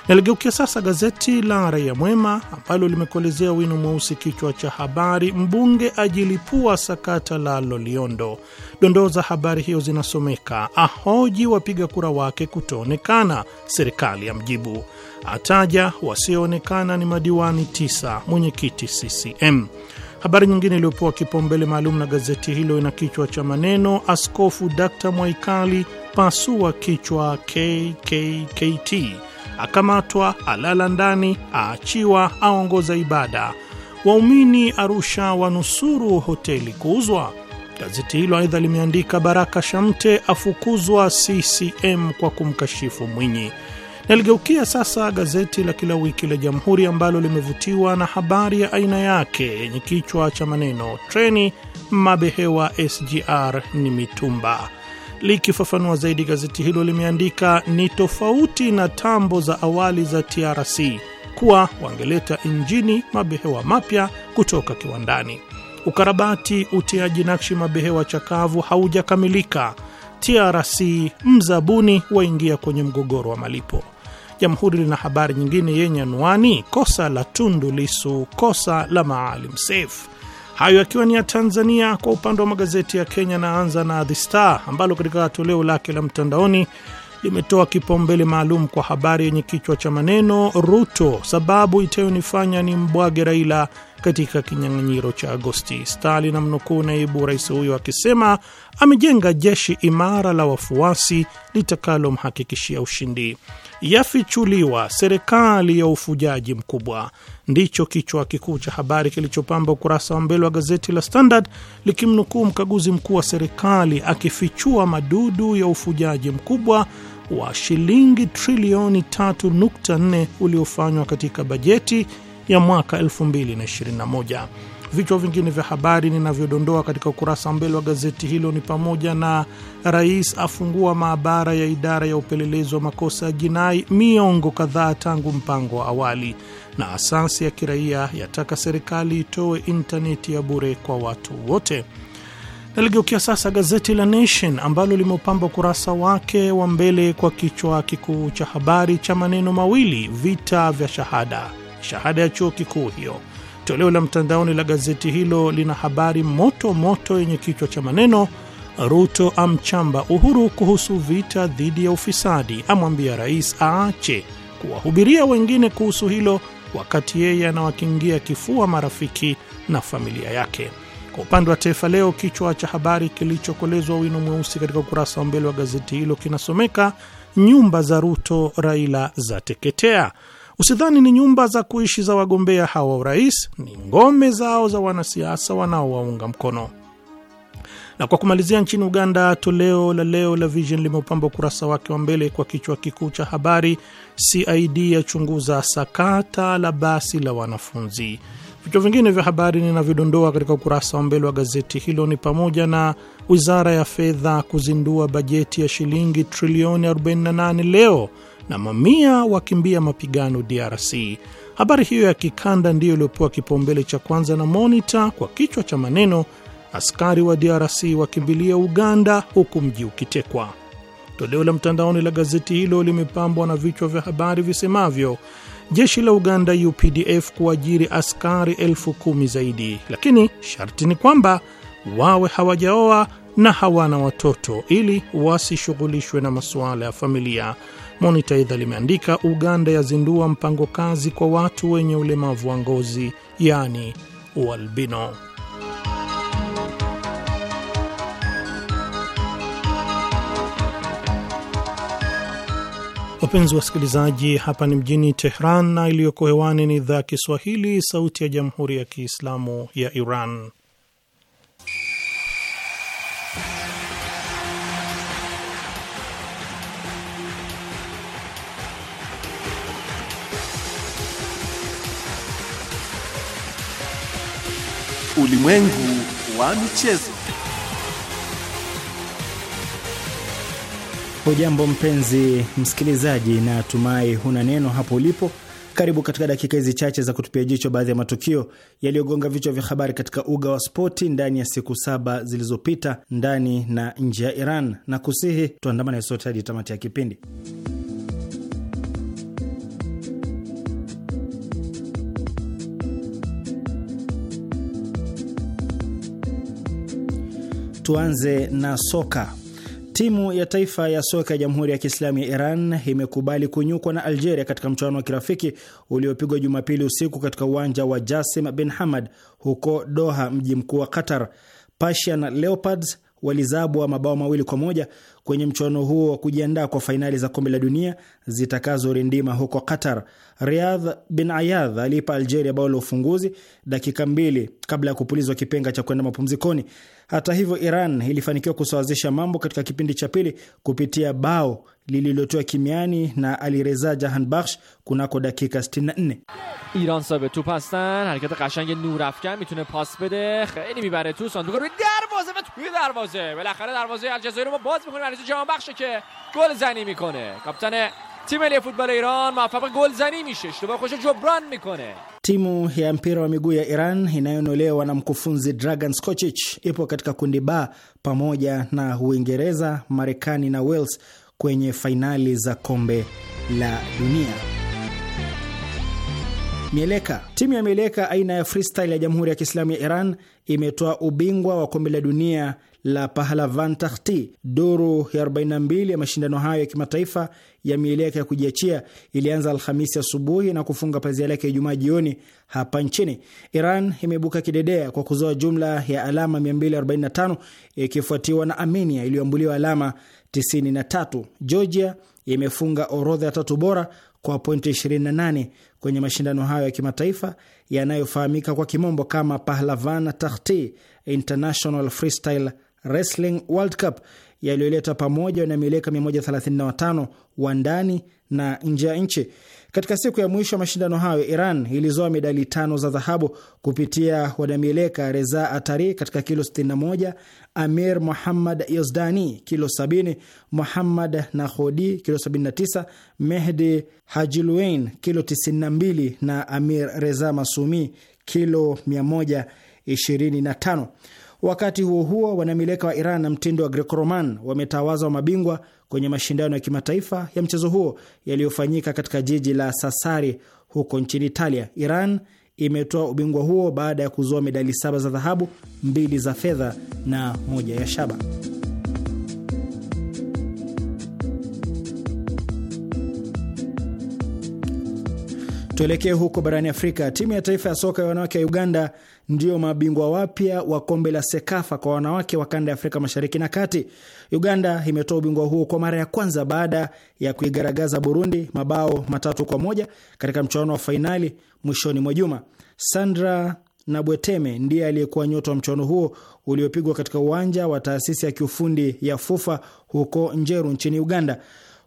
Naligeukia sasa gazeti la Raia Mwema ambalo limekuelezea wino mweusi, kichwa cha habari, mbunge ajilipua sakata la Loliondo. Dondoo za habari hiyo zinasomeka: ahoji wapiga kura wake kutoonekana, serikali ya mjibu, ataja wasioonekana ni madiwani tisa, mwenyekiti CCM Habari nyingine iliyopewa kipaumbele maalum na gazeti hilo ina kichwa cha maneno Askofu Dkta Mwaikali pasua kichwa KKKT, akamatwa alala ndani, aachiwa, aongoza ibada, waumini Arusha wanusuru hoteli kuuzwa. Gazeti hilo aidha limeandika Baraka Shamte afukuzwa CCM kwa kumkashifu Mwinyi. Naligeukia sasa gazeti la kila wiki la Jamhuri ambalo limevutiwa na habari ya aina yake yenye kichwa cha maneno treni mabehewa SGR ni mitumba. Likifafanua zaidi, gazeti hilo limeandika ni tofauti na tambo za awali za TRC kuwa wangeleta injini mabehewa mapya kutoka kiwandani. Ukarabati utiaji nakshi mabehewa chakavu haujakamilika. TRC mzabuni waingia kwenye mgogoro wa malipo. Jamhuri lina habari nyingine yenye anwani kosa la Tundu Lisu, kosa la Maalim Seif. Hayo akiwa ni ya Tanzania. Kwa upande wa magazeti ya Kenya, naanza na The Star ambalo katika toleo lake la mtandaoni limetoa kipaumbele maalum kwa habari yenye kichwa cha maneno Ruto, sababu itayonifanya ni mbwage Raila katika kinyang'anyiro cha Agosti. stali na mnukuu naibu rais huyo akisema amejenga jeshi imara la wafuasi litakalomhakikishia ushindi yafichuliwa serikali ya ufujaji mkubwa, ndicho kichwa kikuu cha habari kilichopamba ukurasa wa mbele wa gazeti la Standard, likimnukuu mkaguzi mkuu wa serikali akifichua madudu ya ufujaji mkubwa wa shilingi trilioni 3.4 uliofanywa katika bajeti ya mwaka 2021. Vichwa vingine vya habari ninavyodondoa katika ukurasa wa mbele wa gazeti hilo ni pamoja na rais afungua maabara ya idara ya upelelezi wa makosa ya jinai miongo kadhaa tangu mpango wa awali, na asasi ya kiraia yataka serikali itoe intaneti ya bure kwa watu wote. Naligeukia sasa gazeti la Nation ambalo limeupamba ukurasa wake wa mbele kwa kichwa kikuu cha habari cha maneno mawili, vita vya shahada, shahada ya chuo kikuu hiyo Toleo la mtandaoni la gazeti hilo lina habari moto moto yenye kichwa cha maneno Ruto amchamba Uhuru kuhusu vita dhidi ya ufisadi, amwambia rais aache kuwahubiria wengine kuhusu hilo wakati yeye anawakingia kifua marafiki na familia yake. Kwa upande wa Taifa Leo, kichwa cha habari kilichokolezwa wino mweusi katika ukurasa wa mbele wa gazeti hilo kinasomeka nyumba za Ruto Raila zateketea. Usidhani ni nyumba za kuishi za wagombea hawa urais, ni ngome zao za wanasiasa wanaowaunga mkono. Na kwa kumalizia, nchini Uganda, toleo la leo la Vision limeupamba ukurasa wake wa mbele kwa kichwa kikuu cha habari, CID yachunguza sakata la basi la wanafunzi. Vichwa vingine vya habari ninavyodondoa katika ukurasa wa mbele wa gazeti hilo ni pamoja na wizara ya fedha kuzindua bajeti ya shilingi trilioni 48 leo na mamia wakimbia mapigano DRC. Habari hiyo ya kikanda ndiyo iliyopewa kipaumbele cha kwanza na Monitor kwa kichwa cha maneno, askari wa DRC wakimbilia Uganda huku mji ukitekwa. Toleo la mtandaoni la gazeti hilo limepambwa na vichwa vya habari visemavyo jeshi la Uganda UPDF kuajiri askari elfu kumi zaidi, lakini sharti ni kwamba wawe hawajaoa na hawana watoto ili wasishughulishwe na masuala ya familia. Monita aidha limeandika Uganda yazindua mpango kazi kwa watu wenye ulemavu wa ngozi, yaani ualbino. Wapenzi wasikilizaji, hapa ni mjini Tehran na iliyoko hewani ni idhaa ya Kiswahili, sauti ya jamhuri ya kiislamu ya Iran. Ulimwengu wa michezo. Hujambo mpenzi msikilizaji, na tumai huna neno hapo ulipo. Karibu katika dakika hizi chache za kutupia jicho baadhi ya matukio yaliyogonga vichwa vya habari katika uga wa spoti ndani ya siku saba zilizopita ndani na nje ya Iran, na kusihi tuandamane sote hadi tamati ya kipindi. Tuanze na soka. Timu ya taifa ya soka ya Jamhuri ya Kiislamu ya Iran imekubali kunyukwa na Algeria katika mchuano wa kirafiki uliopigwa Jumapili usiku katika uwanja wa Jasim bin Hamad huko Doha, mji mkuu wa Qatar. Persian Leopards walizabwa mabao mawili kwa moja kwenye mchuano huo wa kujiandaa kwa fainali za kombe la dunia zitakazorindima huko Qatar. Riyadh bin Ayadh aliipa Algeria bao la ufunguzi dakika mbili kabla ya kupulizwa kipenga cha kwenda mapumzikoni. Hata hivyo, Iran ilifanikiwa kusawazisha mambo katika kipindi cha pili kupitia bao lililotoa kimiani na Alireza Jahanbakhsh kunako dakika 64. Iran sabe tu pastan harakat qashang afkan mitune pas bede kheli mibare tu sanduq ro darvaze va tu darvaze belakhare darvaze aljazair ro baz mikone Alireza Jahanbakhsh ke gol zani mikone kaptan تیم ملی فوتبال ایران موفق گلزنی میشه اشتباه خوش جبران میکنه Timu ya mpira wa miguu ya Iran inayonolewa na mkufunzi Dragan Skocic ipo katika kundi ba pamoja na Uingereza, Marekani na Wales kwenye fainali za kombe la dunia. Mieleka. Timu ya mieleka aina ya freestyle ya Jamhuri ya Kiislamu ya Iran imetoa ubingwa wa kombe la dunia la Pahlavan Tahti. Duru ya 42 ya mashindano hayo ya kimataifa ya mieleka ya kujiachia ilianza Alhamisi asubuhi na kufunga pazia lake Ijumaa jioni hapa nchini. Iran imebuka kidedea kwa kuzoa jumla ya alama 245 ikifuatiwa na Armenia iliyoambuliwa alama 93. Georgia imefunga orodha ya tatu bora kwa pointi 28 kwenye mashindano hayo ya kimataifa yanayofahamika kwa kimombo kama Pahlavan Tahti International Freestyle Wrestling World Cup yaliyoleta pamoja wanamieleka 135 wa ndani na nje ya nchi. Katika siku ya mwisho ya mashindano hayo, Iran ilizoa medali tano za dhahabu kupitia wanamieleka Reza Atari katika kilo 61, Amir Muhammad Yazdani kilo 70, Muhammad Nahodi kilo 79, Mehdi Hajiluain kilo 92 na Amir Reza Masumi kilo 125. Wakati huo huo, wanamileka wa Iran na mtindo wa Greco-Roman wametawazwa mabingwa kwenye mashindano ya kimataifa ya mchezo huo yaliyofanyika katika jiji la Sassari huko nchini Italia. Iran imetoa ubingwa huo baada ya kuzoa medali saba za dhahabu, mbili za fedha na moja ya shaba. Tuelekee huko barani Afrika. Timu ya taifa ya soka ya wanawake ya Uganda ndiyo mabingwa wapya wa kombe la SEKAFA kwa wanawake wa kanda ya Afrika mashariki na kati. Uganda imetoa ubingwa huo kwa mara ya kwanza baada ya kuigaragaza Burundi mabao matatu kwa moja katika mchuano wa fainali mwishoni mwa juma. Sandra Nabweteme ndiye aliyekuwa nyota wa mchuano huo uliopigwa katika uwanja wa taasisi ya kiufundi ya FUFA huko Njeru nchini Uganda.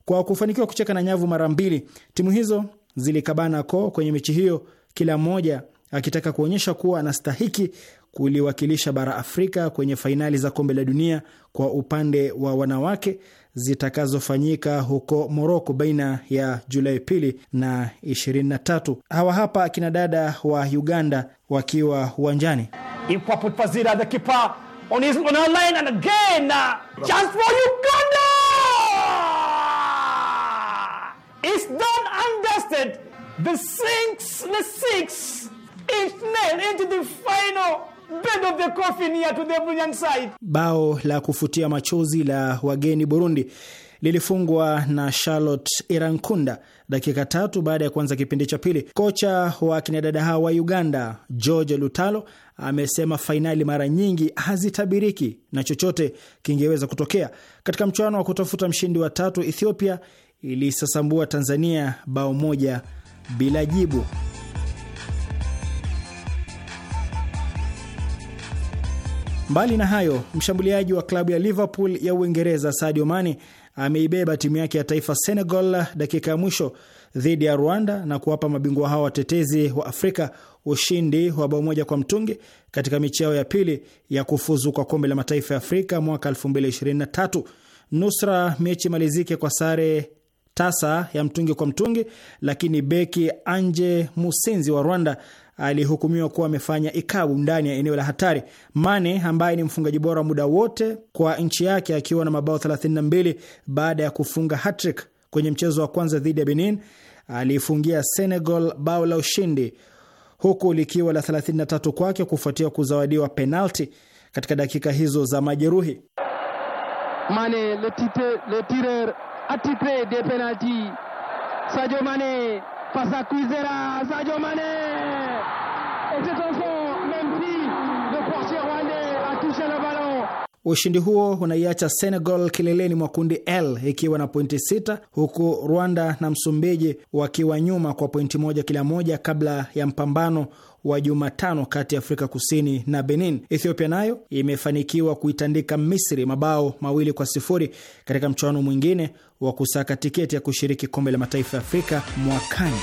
Kwa kufanikiwa kucheka na nyavu mara mbili, timu hizo zilikabana koo kwenye mechi hiyo, kila mmoja akitaka kuonyesha kuwa anastahiki kuliwakilisha bara Afrika kwenye fainali za kombe la dunia kwa upande wa wanawake zitakazofanyika huko Moroko baina ya Julai pili na 23. Hawa hapa akina dada wa Uganda wakiwa uwanjani. Uh, It's tested, the six, the six inch nail into the final bed of the coffin here to the Brazilian side. Bao la kufutia machozi la wageni Burundi lilifungwa na Charlotte Irankunda dakika tatu baada ya kuanza kipindi cha pili. Kocha wa kinadada hawa wa Uganda George Lutalo amesema fainali mara nyingi hazitabiriki na chochote kingeweza kutokea. Katika mchuano wa kutafuta mshindi wa tatu, Ethiopia ilisasambua Tanzania bao moja bila jibu. Mbali na hayo, mshambuliaji wa klabu ya Liverpool ya Uingereza Sadio Mane ameibeba timu yake ya taifa Senegal dakika ya mwisho dhidi ya Rwanda na kuwapa mabingwa hao watetezi wa Afrika ushindi wa bao moja kwa mtungi katika michi yao ya pili ya kufuzu kwa kombe la mataifa ya Afrika mwaka 2023. Nusra mechi malizike kwa sare tasa ya mtungi kwa mtungi, lakini beki Anje Musinzi wa Rwanda alihukumiwa kuwa amefanya ikabu ndani ya eneo la hatari. Mane ambaye ni mfungaji bora wa muda wote kwa nchi yake akiwa na mabao 32 baada ya kufunga hattrick kwenye mchezo wa kwanza dhidi ya Benin, aliifungia Senegal bao la ushindi, huku likiwa la 33 kwake kufuatia kuzawadiwa penalti katika dakika hizo za majeruhi. Mane le tireur a attitré des pénalties. Sadio Mané face à Kuzera, Sadio Mané Et c'est un même si le portier rwandais a touché le ballon. Ushindi huo unaiacha Senegal kileleni mwa kundi L ikiwa na pointi sita huku Rwanda na Msumbiji wakiwa nyuma kwa pointi moja kila moja kabla ya mpambano wa Jumatano kati ya Afrika Kusini na Benin. Ethiopia nayo imefanikiwa kuitandika Misri mabao mawili kwa sifuri katika mchuano mwingine wa kusaka tiketi ya kushiriki kombe la mataifa ya Afrika mwakani.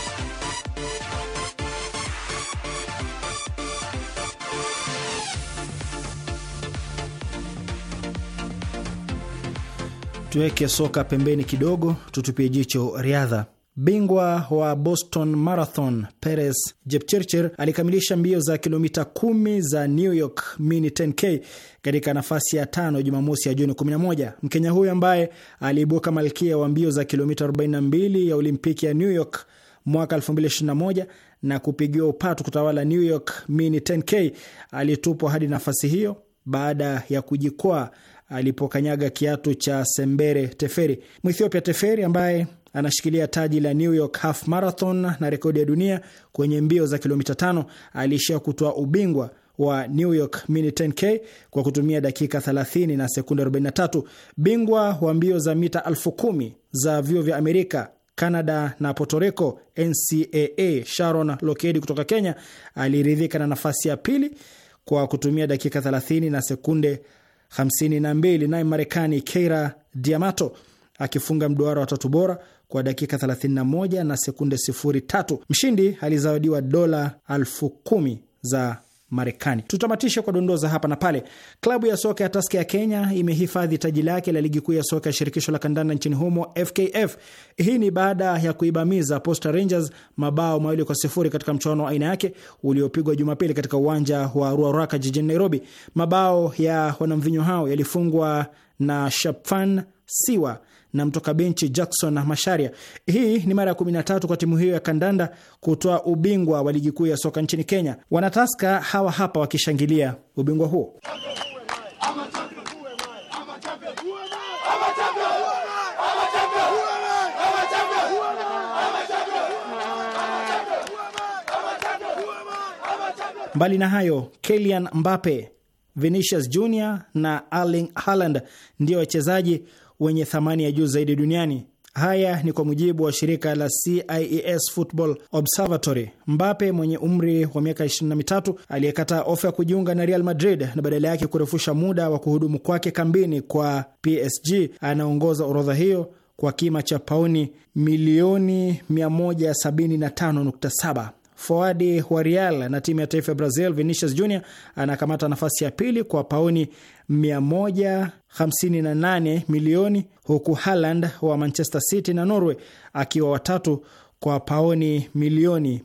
Tuweke soka pembeni kidogo, tutupie jicho riadha. Bingwa wa Boston Marathon Peres Jepchirchir alikamilisha mbio za kilomita kumi za New York mini 10k katika nafasi ya tano Jumamosi ya Juni 11. Mkenya huyo ambaye aliibuka malkia wa mbio za kilomita 42 ya Olimpiki ya New York mwaka 2021 na kupigiwa upatu kutawala New York mini 10k alitupwa hadi nafasi hiyo baada ya kujikwaa alipokanyaga kiatu cha Sembere Teferi. Mwethiopia Teferi ambaye anashikilia taji la New York Half Marathon na rekodi ya dunia kwenye mbio za kilomita tano. Aliishia kutoa ubingwa wa New York mini 10K kwa kutumia dakika 30 na sekunde 43. Bingwa wa mbio za mita elfu kumi za vyuo vya Amerika, Canada na Puerto Rico NCAA Sharon Lokedi kutoka Kenya aliridhika na nafasi ya pili kwa kutumia dakika 30 na sekunde 52, naye Marekani Keira Diamato akifunga mduara wa tatu bora kwa dakika 31 na sekunde 03. Mshindi alizawadiwa dola elfu kumi za Marekani. Tutamatishe kwa dondoza hapa na pale. Klabu ya soka ya Taska ya Kenya imehifadhi taji lake la ligi kuu ya soka ya shirikisho la kandanda nchini humo FKF. Hii ni baada ya kuibamiza Posta Rangers mabao mawili kwa sifuri katika mchuano wa aina yake uliopigwa Jumapili katika uwanja wa Ruaraka jijini Nairobi. Mabao ya wanamvinyo hao yalifungwa na Shapfan Siwa na mtoka benchi Jackson Masharia. Hii ni mara ya 13 kwa timu hiyo ya kandanda kutoa ubingwa wa ligi kuu ya soka nchini Kenya. Wanataska hawa hapa wakishangilia ubingwa huo. Mbali na hayo, Kylian Mbappe, Vinicius jr na Erling Haaland ndio wachezaji wenye thamani ya juu zaidi duniani. Haya ni kwa mujibu wa shirika la CIES Football Observatory. Mbape mwenye umri wa miaka 23 aliyekataa ofa ya kujiunga na Real Madrid na badala yake kurefusha muda wa kuhudumu kwake kambini kwa PSG anaongoza orodha hiyo kwa kima cha pauni milioni 175.7. Foadi wa Real na timu ya taifa ya Brazil Vinicius jr anakamata nafasi ya pili kwa paoni 158 milioni, huku Haaland wa Manchester City na Norway akiwa watatu kwa paoni milioni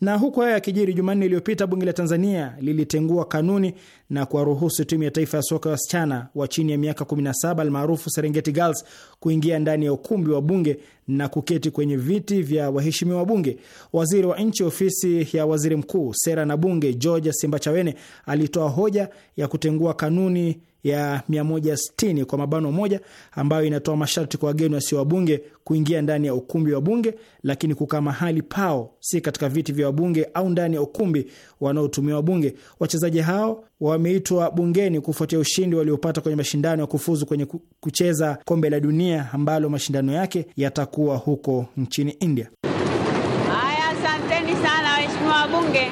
na huku hayo yakijiri, Jumanne iliyopita bunge la Tanzania lilitengua kanuni na kuwaruhusu timu ya taifa ya soka ya wasichana wa chini ya miaka 17 almaarufu Serengeti Girls kuingia ndani ya ukumbi wa bunge na kuketi kwenye viti vya waheshimiwa bunge. Waziri wa nchi ofisi ya waziri mkuu, sera na bunge, George Simbachawene alitoa hoja ya kutengua kanuni ya 160 kwa mabano moja ambayo inatoa masharti kwa wageni wasio wabunge kuingia ndani ya ukumbi wa bunge, lakini kukaa mahali pao si katika viti vya wabunge au ndani ya ukumbi wanaotumia wabunge. Wachezaji hao wameitwa bungeni kufuatia ushindi waliopata kwenye mashindano ya kufuzu kwenye kucheza kombe la dunia ambalo mashindano yake yatakuwa huko nchini India. Haya, asanteni sana waheshimiwa wabunge,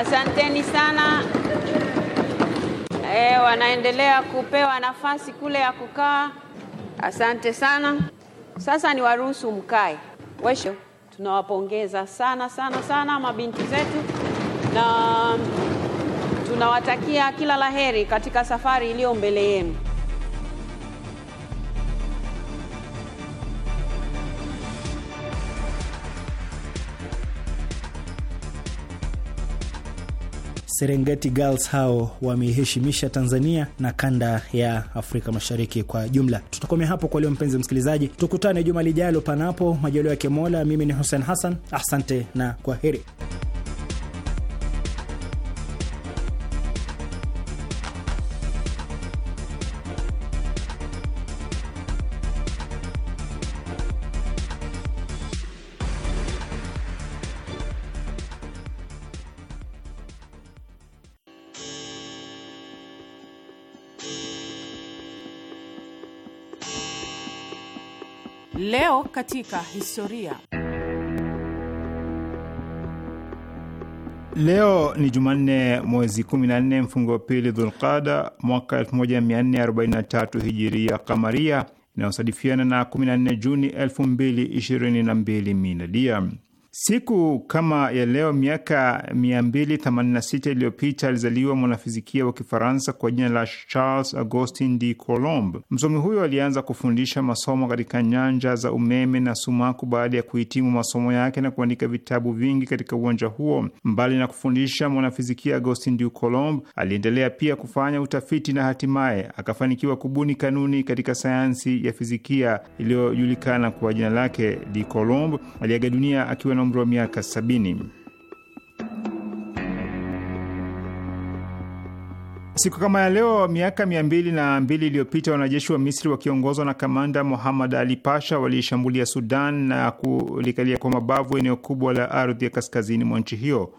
asanteni sana e, wanaendelea kupewa nafasi kule ya kukaa. Asante sana. Sasa ni waruhusu mkae. Wesho, tunawapongeza sana sana sana mabinti zetu na mm, tunawatakia kila laheri katika safari iliyo mbele yenu. Serengeti Girls hao wameiheshimisha Tanzania na kanda ya Afrika Mashariki kwa jumla. Tutakomea hapo kwa leo, mpenzi msikilizaji, tukutane juma lijalo, panapo majaliwa yake Mola. Mimi ni Hussein Hassan, asante na kwa heri. katika historia. Leo ni Jumanne, mwezi 14 mfungo wa pili Dhulqada mwaka 1443 hijiria kamaria inayosadifiana na 14 Juni 2022 minadia. Siku kama ya leo miaka 286 iliyopita alizaliwa mwanafizikia wa Kifaransa kwa jina la Charles Augustin de Coulomb. Msomi huyo alianza kufundisha masomo katika nyanja za umeme na sumaku baada ya kuhitimu masomo yake na kuandika vitabu vingi katika uwanja huo. Mbali na kufundisha, mwanafizikia Augustin de Coulomb aliendelea pia kufanya utafiti na hatimaye akafanikiwa kubuni kanuni katika sayansi ya fizikia iliyojulikana kwa jina lake. De Coulomb aliaga dunia akiwa na umri wa miaka sabini. Siku kama ya leo miaka mia mbili na mbili iliyopita wanajeshi wa Misri wakiongozwa na kamanda Muhammad Ali Pasha waliishambulia Sudan na kulikalia kwa mabavu eneo kubwa la ardhi ya kaskazini mwa nchi hiyo.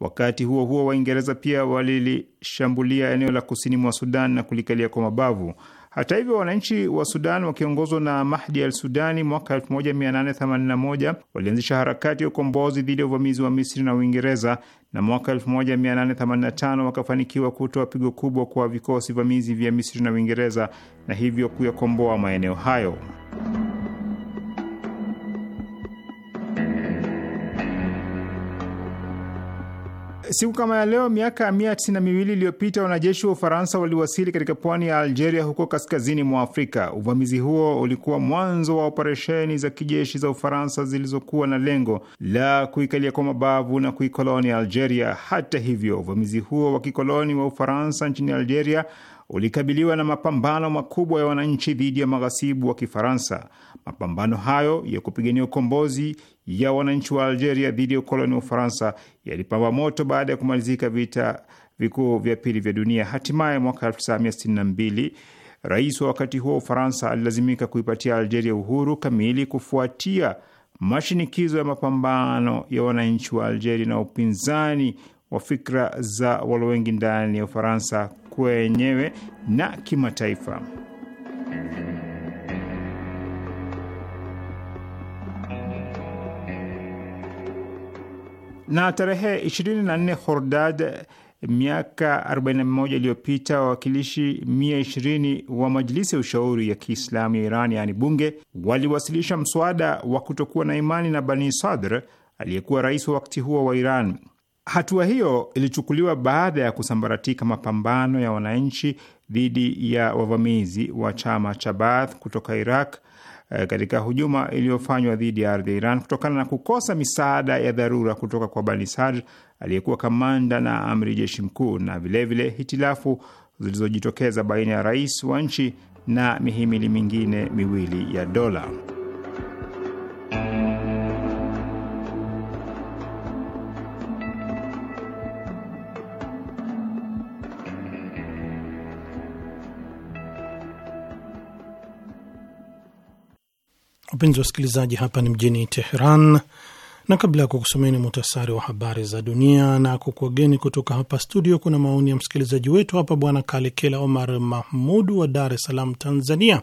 Wakati huo huo, Waingereza pia walilishambulia eneo la kusini mwa Sudan na kulikalia kwa mabavu. Hata hivyo, wananchi wa Sudan wakiongozwa na Mahdi al Sudani mwaka 1881 walianzisha harakati ya ukombozi dhidi ya uvamizi wa Misri na Uingereza, na mwaka 1885 wakafanikiwa kutoa pigo kubwa kwa vikosi vamizi vya Misri na Uingereza na hivyo kuyakomboa maeneo hayo. Siku kama ya leo miaka mia tisini na miwili iliyopita wanajeshi wa Ufaransa waliwasili katika pwani ya Algeria huko kaskazini mwa Afrika. Uvamizi huo ulikuwa mwanzo wa operesheni za kijeshi za Ufaransa zilizokuwa na lengo la kuikalia kwa mabavu na kuikoloni Algeria. Hata hivyo, uvamizi huo wa kikoloni wa Ufaransa nchini Algeria ulikabiliwa na mapambano makubwa ya wananchi dhidi ya maghasibu wa Kifaransa. Mapambano hayo ya kupigania ukombozi ya wananchi wa Algeria dhidi ya ukoloni wa Ufaransa yalipamba moto baada ya kumalizika vita vikuu vya pili vya dunia. Hatimaye mwaka 1962 rais wa wakati huo Ufaransa alilazimika kuipatia Algeria uhuru kamili kufuatia mashinikizo ya mapambano ya wananchi wa Algeria na upinzani wa fikra za walowengi wengi ndani ya Ufaransa kwenyewe na kimataifa. Na tarehe 24 Hordad miaka 41 iliyopita wawakilishi 120 wa Majlisi ya Ushauri ya Kiislamu ya Iran, yaani bunge, waliwasilisha mswada wa kutokuwa na imani na Bani Sadr aliyekuwa rais wa wakati huo wa Iran. Hatua hiyo ilichukuliwa baada ya kusambaratika mapambano ya wananchi dhidi ya wavamizi wa chama cha Baath kutoka Iraq eh, katika hujuma iliyofanywa dhidi ya ardhi ya Iran kutokana na kukosa misaada ya dharura kutoka kwa Bani Sadr aliyekuwa kamanda na amri jeshi mkuu, na vilevile hitilafu zilizojitokeza baina ya rais wa nchi na mihimili mingine miwili ya dola. wapenzi wasikilizaji, hapa ni mjini Teheran, na kabla ya kukusomeni muhtasari wa habari za dunia na kukuageni kutoka hapa studio, kuna maoni ya msikilizaji wetu hapa, Bwana Kalekela Omar Mahmud wa Dar es Salaam, Tanzania,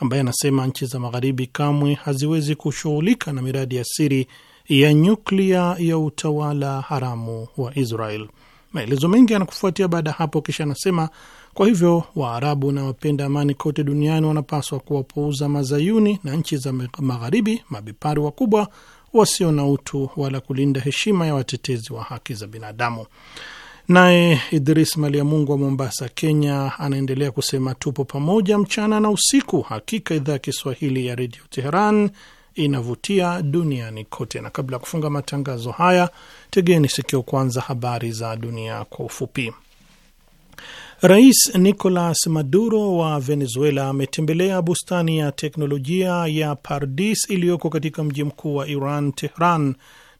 ambaye anasema nchi za Magharibi kamwe haziwezi kushughulika na miradi ya siri ya nyuklia ya utawala haramu wa Israel. Maelezo mengi yanakufuatia baada ya hapo, kisha anasema kwa hivyo Waarabu na wapenda amani kote duniani wanapaswa kuwapuuza mazayuni na nchi za Magharibi, mabepari wakubwa wasio na utu wala kulinda heshima ya watetezi wa haki za binadamu. Naye Idris Maliamungu wa Mombasa, Kenya, anaendelea kusema tupo pamoja mchana na usiku. Hakika idhaa ya Kiswahili ya Redio Teheran inavutia duniani kote. Na kabla ya kufunga matangazo haya, tegeni sikio kwanza habari za dunia kwa ufupi. Rais Nicolas Maduro wa Venezuela ametembelea bustani ya teknolojia ya Pardis iliyoko katika mji mkuu wa Iran, Tehran,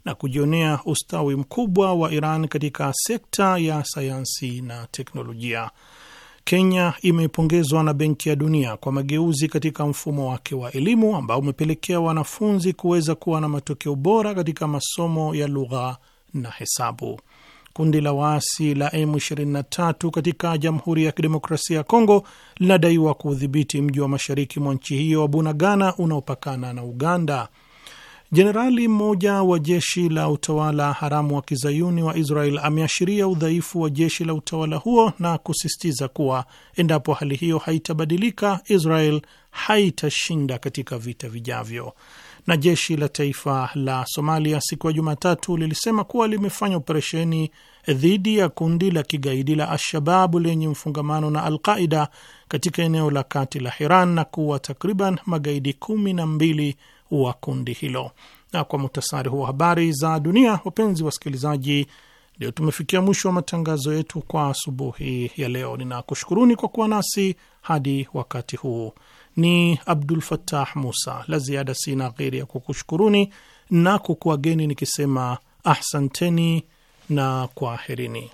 na kujionea ustawi mkubwa wa Iran katika sekta ya sayansi na teknolojia. Kenya imepongezwa na Benki ya Dunia kwa mageuzi katika mfumo wake wa elimu ambao umepelekea wanafunzi kuweza kuwa na matokeo bora katika masomo ya lugha na hesabu. Kundi la waasi la M23 katika Jamhuri ya Kidemokrasia ya Kongo linadaiwa kuudhibiti mji wa mashariki mwa nchi hiyo wa Bunagana unaopakana na Uganda. Jenerali mmoja wa jeshi la utawala haramu wa kizayuni wa Israel ameashiria udhaifu wa jeshi la utawala huo na kusisitiza kuwa endapo hali hiyo haitabadilika, Israel haitashinda katika vita vijavyo. Na jeshi la taifa la Somalia siku ya Jumatatu lilisema kuwa limefanya operesheni dhidi ya kundi la kigaidi la Alshababu lenye mfungamano na Alqaida katika eneo la kati la Hiran na kuwa takriban magaidi kumi na mbili wa kundi hilo. Na kwa muhtasari wa habari za dunia, wapenzi wasikilizaji, ndio tumefikia mwisho wa matangazo yetu kwa asubuhi ya leo. Ninakushukuruni kwa kuwa nasi hadi wakati huu ni Abdul Fattah Musa. La ziada sina ghairi ya kukushukuruni na kukuageni nikisema ahsanteni na kwaherini.